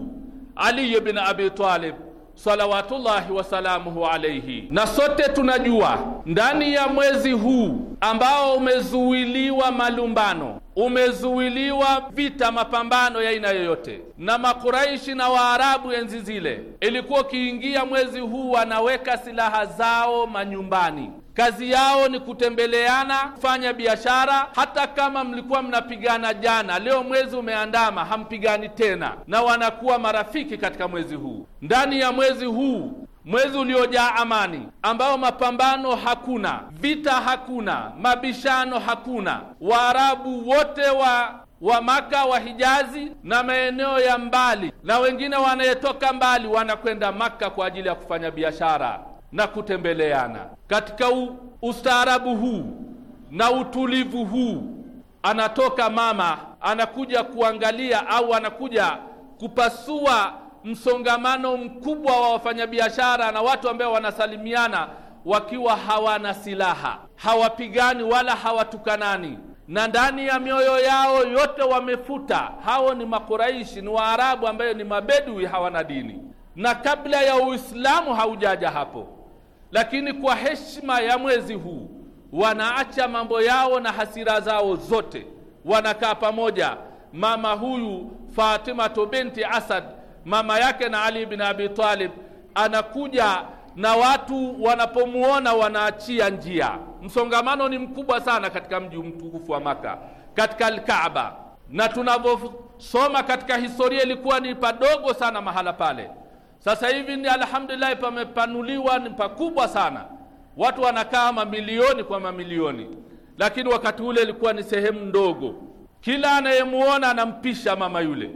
Ali ibn Abi Talib salawatullahi wasalamuhu alaihi. Na sote tunajua ndani ya mwezi huu ambao umezuiliwa malumbano, umezuiliwa vita, mapambano ya aina yoyote, na Makuraishi na Waarabu enzi zile ilikuwa ukiingia mwezi huu wanaweka silaha zao manyumbani kazi yao ni kutembeleana, kufanya biashara. Hata kama mlikuwa mnapigana jana, leo mwezi umeandama, hampigani tena, na wanakuwa marafiki katika mwezi huu, ndani ya mwezi huu, mwezi uliojaa amani, ambao mapambano hakuna, vita hakuna, mabishano hakuna. Waarabu wote wa wa Maka wa Hijazi na maeneo ya mbali na wengine wanayetoka mbali wanakwenda Maka kwa ajili ya kufanya biashara na kutembeleana. Katika ustaarabu huu na utulivu huu, anatoka mama anakuja kuangalia au anakuja kupasua msongamano mkubwa wa wafanyabiashara na watu ambao wanasalimiana wakiwa hawana silaha, hawapigani wala hawatukanani, na ndani ya mioyo yao yote wamefuta. Hao ni Makuraishi, ni Waarabu ambayo ni mabedui, hawana dini, na kabla ya Uislamu haujaja hapo lakini kwa heshima ya mwezi huu wanaacha mambo yao na hasira zao zote, wanakaa pamoja. Mama huyu Fatima binti Asad, mama yake na Ali bin Abi Talib, anakuja na watu wanapomuona wanaachia njia. Msongamano ni mkubwa sana katika mji mtukufu wa Maka, katika Alkaaba, na tunavyosoma katika historia ilikuwa ni padogo sana mahala pale sasa hivi ni alhamdulillah, pamepanuliwa ni pakubwa sana, watu wanakaa mamilioni kwa mamilioni, lakini wakati ule ilikuwa ni sehemu ndogo. Kila anayemuona anampisha mama yule,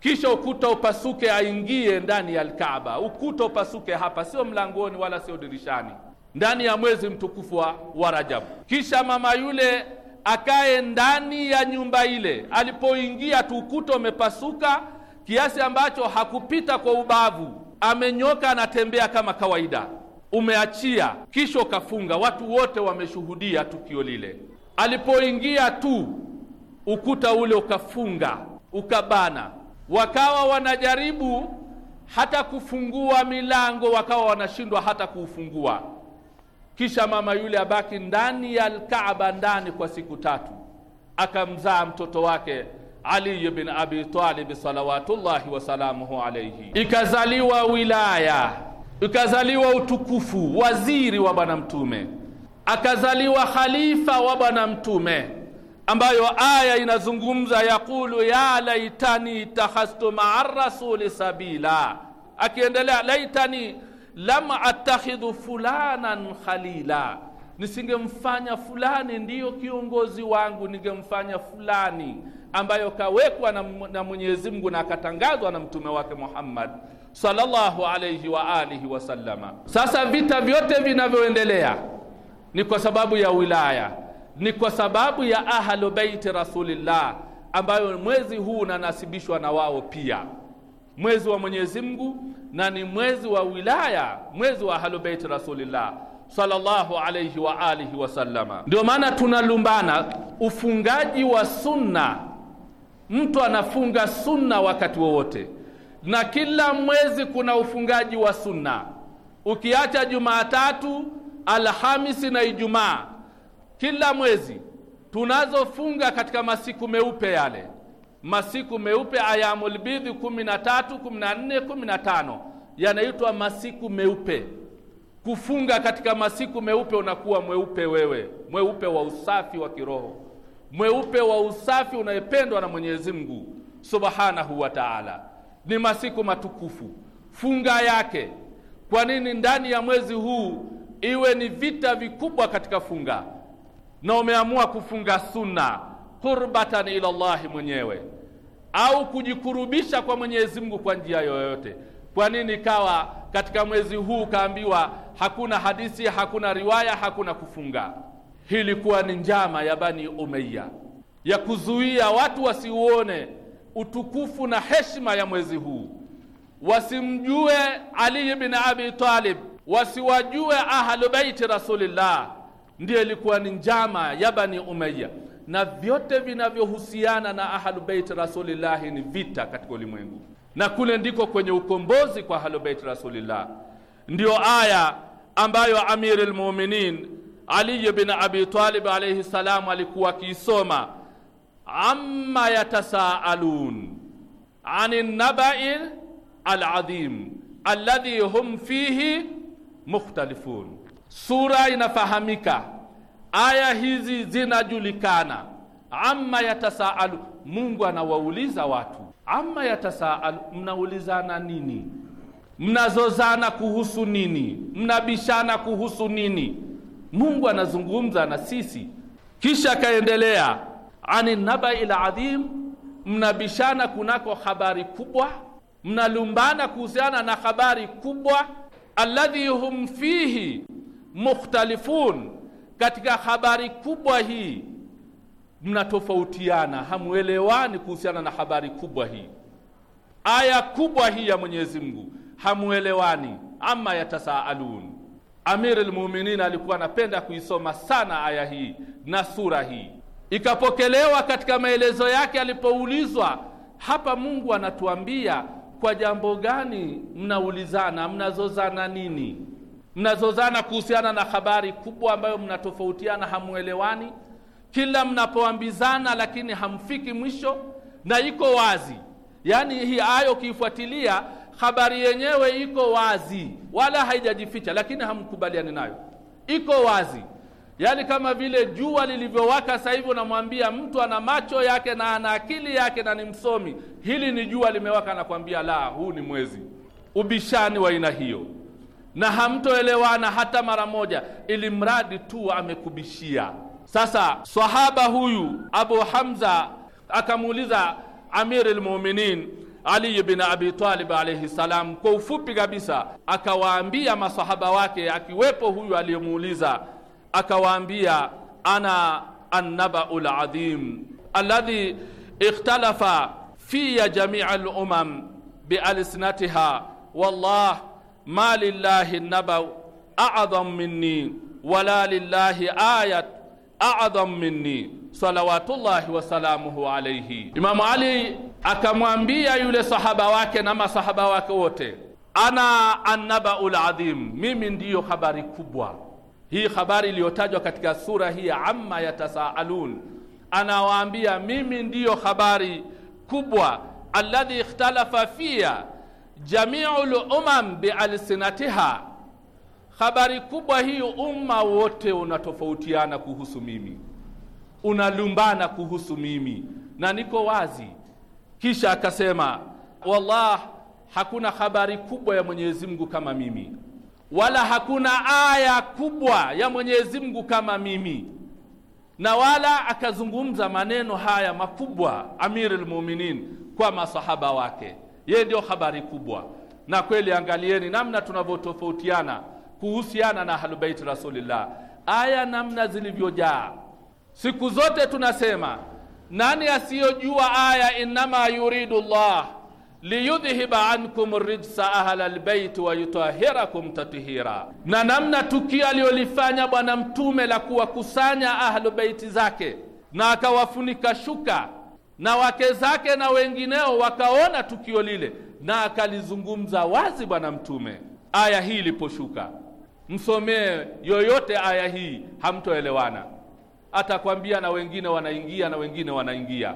kisha ukuta upasuke, aingie ndani ya Alkaaba. Ukuta upasuke hapa, sio mlangoni wala sio dirishani, ndani ya mwezi mtukufu wa, wa Rajabu. Kisha mama yule akae ndani ya nyumba ile. Alipoingia tu ukuta umepasuka kiasi ambacho hakupita kwa ubavu amenyoka anatembea kama kawaida, umeachia kisha ukafunga. Watu wote wameshuhudia tukio lile. Alipoingia tu ukuta ule ukafunga, ukabana, wakawa wanajaribu hata kufungua milango, wakawa wanashindwa hata kuufungua. Kisha mama yule abaki ndani ya Alkaaba ndani kwa siku tatu, akamzaa mtoto wake ali ibn Abi Talib salawatullahi wasalamuhu alayhi, ikazaliwa wilaya, ikazaliwa utukufu, waziri wa Bwana Mtume, akazaliwa khalifa wa Bwana Mtume, ambayo aya inazungumza yaqulu ya laitani takhastu ma'ar rasuli sabila, akiendelea laitani lam attakhidhu fulanan khalila, nisingemfanya fulani ndiyo kiongozi wangu, ningemfanya fulani ambayo kawekwa na, na Mwenyezi Mungu na akatangazwa na mtume wake Muhammad sallallahu alayhi wa alihi sallama. Sasa vita vyote vinavyoendelea ni kwa sababu ya wilaya, ni kwa sababu ya ahlu baiti rasulillah, ambayo mwezi huu unanasibishwa na wao pia, mwezi wa Mwenyezi Mungu na ni mwezi wa wilaya, mwezi wa ahlu baiti rasulillah sallallahu alayhi wa alihi sallama. Ndio maana tunalumbana ufungaji wa sunna mtu anafunga sunna wakati wowote, na kila mwezi kuna ufungaji wa sunna, ukiacha Jumatatu, Alhamisi na Ijumaa. Kila mwezi tunazofunga katika masiku meupe yale, masiku meupe ayamul bidhi, kumi na tatu, kumi na nne, kumi na tano, yanaitwa masiku meupe. Kufunga katika masiku meupe unakuwa mweupe wewe, mweupe wa usafi wa kiroho mweupe wa usafi unayependwa na Mwenyezi Mungu subhanahu wa taala. Ni masiku matukufu, funga yake. Kwa nini ndani ya mwezi huu iwe ni vita vikubwa katika funga, na umeamua kufunga sunna qurbatan ila Allahi mwenyewe au kujikurubisha kwa Mwenyezi Mungu kwa njia yoyote? Kwa nini kawa katika mwezi huu kaambiwa hakuna hadithi, hakuna riwaya, hakuna kufunga? Hii ilikuwa ni njama ya Bani Umayya ya kuzuia watu wasiuone utukufu na heshima ya mwezi huu, wasimjue Ali bin Abi Talib, wasiwajue Ahlu Baiti Rasulillah. Ndiyo ilikuwa ni njama ya Bani Umayya, na vyote vinavyohusiana na Ahlu Baiti Rasulillahi ni vita katika ulimwengu, na kule ndiko kwenye ukombozi kwa Ahlu Baiti Rasulillah. Ndiyo aya ambayo Amiri lmuminin ali bin Abi Talib alayhi salam alikuwa akisoma amma yatasaalun anin naba'il alazim alladhi hum fihi mukhtalifun. Sura inafahamika, aya hizi zinajulikana. Amma yatasaalu, Mungu anawauliza watu. Amma yatasaalu, mnaulizana nini? Mnazozana kuhusu nini? Mnabishana kuhusu nini? Mungu anazungumza na sisi, kisha akaendelea ani nabai ladhim, mnabishana kunako habari kubwa, mnalumbana kuhusiana na habari kubwa, alladhi hum fihi mukhtalifun, katika habari kubwa hii mnatofautiana, hamuelewani kuhusiana na habari kubwa hii, aya kubwa hii ya Mwenyezi Mungu hamuelewani. Ama yatasaalun Amir al-Mu'minin alikuwa anapenda kuisoma sana aya hii na sura hii. Ikapokelewa katika maelezo yake alipoulizwa, hapa Mungu anatuambia kwa jambo gani mnaulizana, mnazozana nini? Mnazozana kuhusiana na habari kubwa ambayo mnatofautiana, hamuelewani, kila mnapoambizana, lakini hamfiki mwisho, na iko wazi. Yaani hii aya ukiifuatilia habari yenyewe iko wazi, wala haijajificha, lakini hamkubaliani nayo, iko wazi. Yaani kama vile jua lilivyowaka sasa hivi, unamwambia mtu ana macho yake na ana akili yake na ni msomi, hili ni jua limewaka, anakwambia la, huu ni mwezi. Ubishani wa aina hiyo, na hamtoelewana hata mara moja, ili mradi tu amekubishia. Sasa sahaba huyu Abu Hamza akamuuliza Amirul Mu'minin ali bin Abi Talib alayhi salam, kwa ufupi kabisa akawaambia masahaba wake, akiwepo huyu aliyemuuliza, akawaambia ana annabaul adhim alladhi ikhtalafa fiya jamia lumam bialsinatiha wallah ma lillahi nabau a'dham minni wala lillahi ayat a'dham minni salawatullahi wasalamuhu alayhi. Imamu Ali akamwambia yule sahaba wake na masahaba wake wote, ana annabaul adhim, mimi ndiyo habari kubwa hii habari iliyotajwa katika sura hii ya amma yatasaalun, anawaambia mimi ndiyo habari kubwa, alladhi ikhtalafa fiha jamiu lumam bialsinatiha habari kubwa hiyo, umma wote unatofautiana kuhusu mimi, unalumbana kuhusu mimi na niko wazi. Kisha akasema wallah, hakuna habari kubwa ya Mwenyezi Mungu kama mimi, wala hakuna aya kubwa ya Mwenyezi Mungu kama mimi, na wala akazungumza maneno haya makubwa Amirul Mu'minin kwa masahaba wake. Yeye ndio habari kubwa. Na kweli, angalieni namna tunavyotofautiana kuhusiana na ahlubeiti rasulillah, aya namna zilivyojaa. Siku zote tunasema nani asiyojua aya innama yuridu llah liyudhhiba ankum rijsa ahla lbeiti wayutahirakum tathira, na namna tukio aliyolifanya Bwana Mtume la kuwakusanya ahlu beiti zake na akawafunika shuka na wake zake na wengineo wakaona tukio lile, na akalizungumza wazi Bwana Mtume aya hii iliposhuka msomee yoyote aya hii, hamtoelewana. Atakwambia na wengine wanaingia na wengine wanaingia.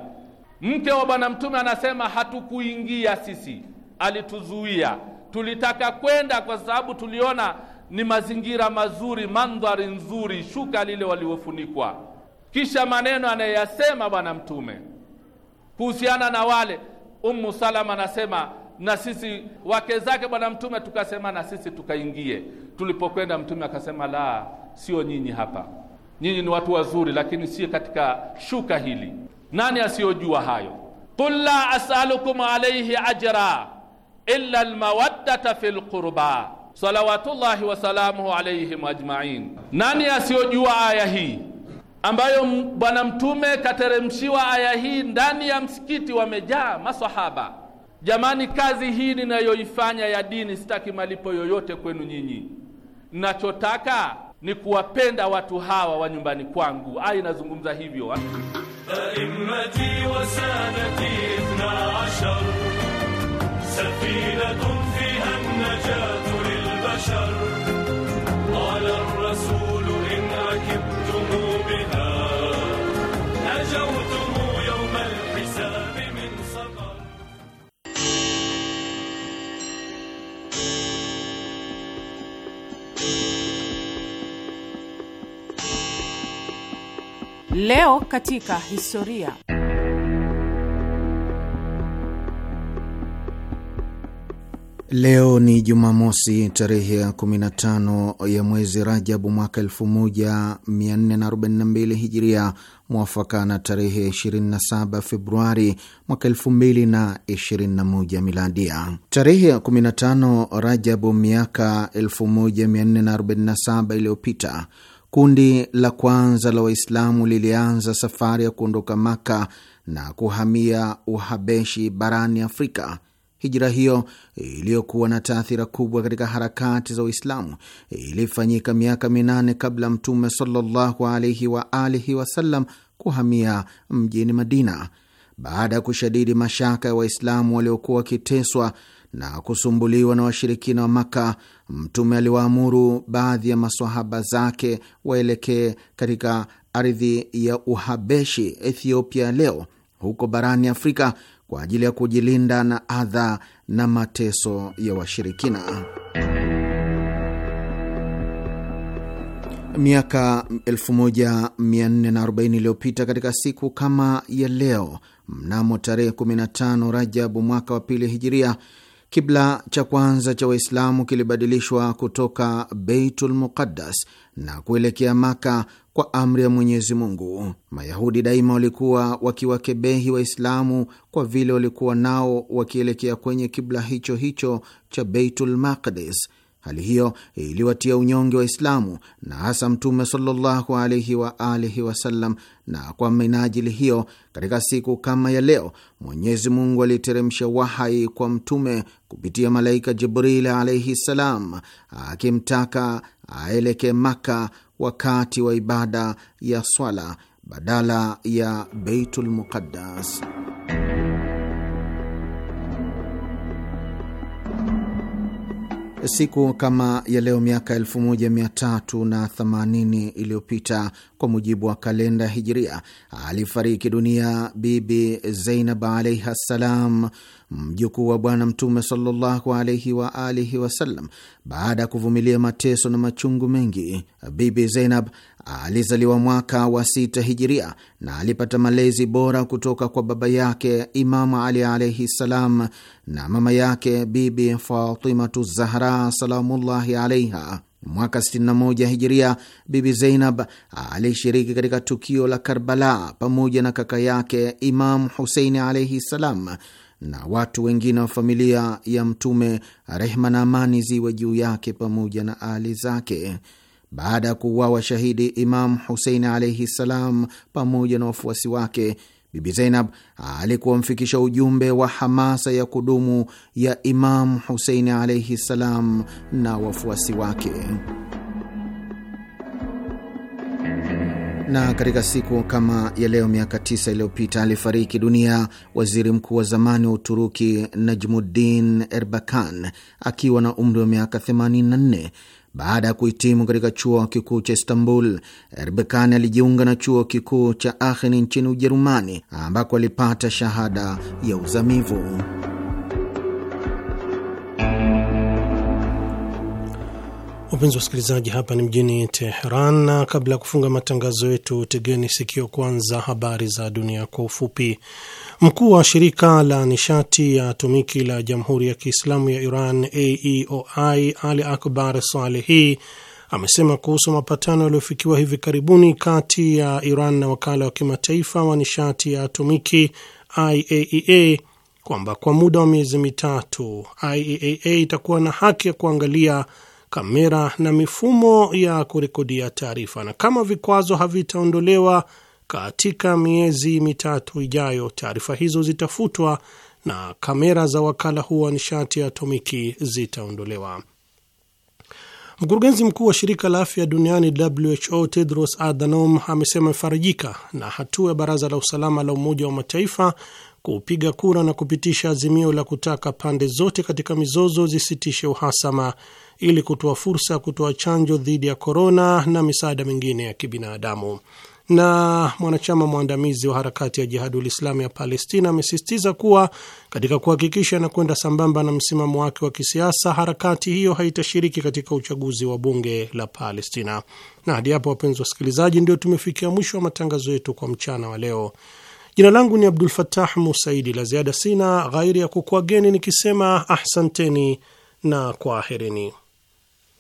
Mke wa Bwana Mtume anasema hatukuingia sisi, alituzuia. Tulitaka kwenda kwa sababu tuliona ni mazingira mazuri, mandhari nzuri, shuka lile waliofunikwa. Kisha maneno anayeyasema Bwana Mtume kuhusiana na wale, Ummu Salama anasema na sisi wake zake Bwana Mtume tukasema na sisi tukaingie. Tulipokwenda Mtume akasema la, sio nyinyi hapa, nyinyi ni watu wazuri, lakini si katika shuka hili. Nani asiyojua hayo? Qul la asalukum alayhi ajra illa almawaddata fil qurba salawatullahi wasalamuhu alayhim ajmain. Nani asiyojua aya hii ambayo Bwana Mtume kateremshiwa aya hii ndani ya msikiti, wamejaa masahaba Jamani, kazi hii ninayoifanya ya dini, sitaki malipo yoyote kwenu nyinyi. Nachotaka ni kuwapenda watu hawa wa nyumbani kwangu. Ai, nazungumza hivyo Leo katika historia. Leo ni Jumamosi, tarehe ya 15 ya mwezi Rajabu mwaka 1442 Hijiria, mwafaka na tarehe 27 Februari mwaka 2021 Miladia. Tarehe ya 15 Rajabu miaka 1447 iliyopita Kundi la kwanza la Waislamu lilianza safari ya kuondoka Maka na kuhamia Uhabeshi barani Afrika. Hijra hiyo iliyokuwa na taathira kubwa katika harakati za Uislamu ilifanyika miaka minane kabla Mtume sallallahu alaihi wa alihi wasallam kuhamia mjini Madina, baada ya kushadidi mashaka ya Waislamu waliokuwa wakiteswa na kusumbuliwa na washirikina wa Maka, Mtume aliwaamuru baadhi ya maswahaba zake waelekee katika ardhi ya Uhabeshi, Ethiopia leo huko barani Afrika, kwa ajili ya kujilinda na adha na mateso ya washirikina. Miaka 1440 iliyopita katika siku kama ya leo, mnamo tarehe 15 Rajabu mwaka wa pili hijiria Kibla cha kwanza cha Waislamu kilibadilishwa kutoka Beitul Muqaddas na kuelekea Maka kwa amri ya Mwenyezi Mungu. Mayahudi daima walikuwa wakiwakebehi Waislamu kwa vile walikuwa nao wakielekea kwenye kibla hicho hicho cha Beitul Maqdis Hali hiyo iliwatia unyonge Waislamu na hasa Mtume sallallahu alaihi wa alihi wasallam. Na kwa minajili hiyo, katika siku kama ya leo, Mwenyezi Mungu aliteremsha wahai kwa Mtume kupitia malaika jibrili alaihi ssalam, akimtaka aelekee Maka wakati wa ibada ya swala badala ya Beitul Muqaddas. siku kama ya leo miaka 1380 iliyopita kwa mujibu wa kalenda Hijiria, alifariki dunia Bibi Zeinab alaihi ssalam, mjukuu wa Bwana Mtume sallallahu alaihi wa alihi wasallam, baada ya kuvumilia mateso na machungu mengi. Bibi Zeinab Alizaliwa mwaka wa sita hijiria na alipata malezi bora kutoka kwa baba yake Imamu Ali alaihi ssalam na mama yake Bibi Fatimatu Zahra salamullahi alaiha. Mwaka 61 hijiria, Bibi Zeinab alishiriki katika tukio la Karbala pamoja na kaka yake Imamu Huseini alaihi ssalam na watu wengine wa familia ya Mtume, rehma na amani ziwe juu yake pamoja na ali zake baada ya kuuawa shahidi imam Husein alaihi ssalam pamoja na wafuasi wake, Bibi Zainab alikuwa mfikisha ujumbe wa hamasa ya kudumu ya imam Husein alaihi ssalam na wafuasi wake. Na katika siku kama ya leo miaka tisa iliyopita alifariki dunia waziri mkuu wa zamani wa Uturuki Najmuddin Erbakan akiwa na umri wa miaka 84. Baada ya kuhitimu katika chuo kikuu cha Istanbul, Erbekan alijiunga na chuo kikuu cha Aachen nchini Ujerumani, ambako alipata shahada ya uzamivu. Wapenzi wasikilizaji, hapa ni mjini Teheran, na kabla ya kufunga matangazo yetu, tegeni sikio kwanza habari za dunia kwa ufupi. Mkuu wa shirika la nishati ya atomiki la Jamhuri ya Kiislamu ya Iran AEOI Ali Akbar Salehi amesema kuhusu mapatano yaliyofikiwa hivi karibuni kati ya Iran na wakala wa kimataifa wa nishati ya atomiki IAEA e kwamba kwa muda wa miezi mitatu IAEA e itakuwa na haki ya kuangalia kamera na mifumo ya kurekodia taarifa, na kama vikwazo havitaondolewa katika miezi mitatu ijayo. Taarifa hizo zitafutwa na kamera za wakala huo wa nishati ya atomiki zitaondolewa. Mkurugenzi mkuu wa shirika la afya duniani WHO Tedros Adhanom amesema amefarijika na hatua ya baraza la usalama la Umoja wa Mataifa kupiga kura na kupitisha azimio la kutaka pande zote katika mizozo zisitishe uhasama ili kutoa fursa ya kutoa chanjo dhidi ya korona na misaada mingine ya kibinadamu na mwanachama mwandamizi wa harakati ya Jihadul Islami ya Palestina amesisitiza kuwa katika kuhakikisha na kwenda sambamba na msimamo wake wa kisiasa, harakati hiyo haitashiriki katika uchaguzi wa bunge la Palestina. Na hadi hapo, wapenzi wasikilizaji, ndio tumefikia mwisho wa matangazo yetu kwa mchana wa leo. Jina langu ni Abdul fatah Musaidi. La ziada sina, ghairi ya kukuageni nikisema ahsanteni na kwaherini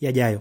yajayo.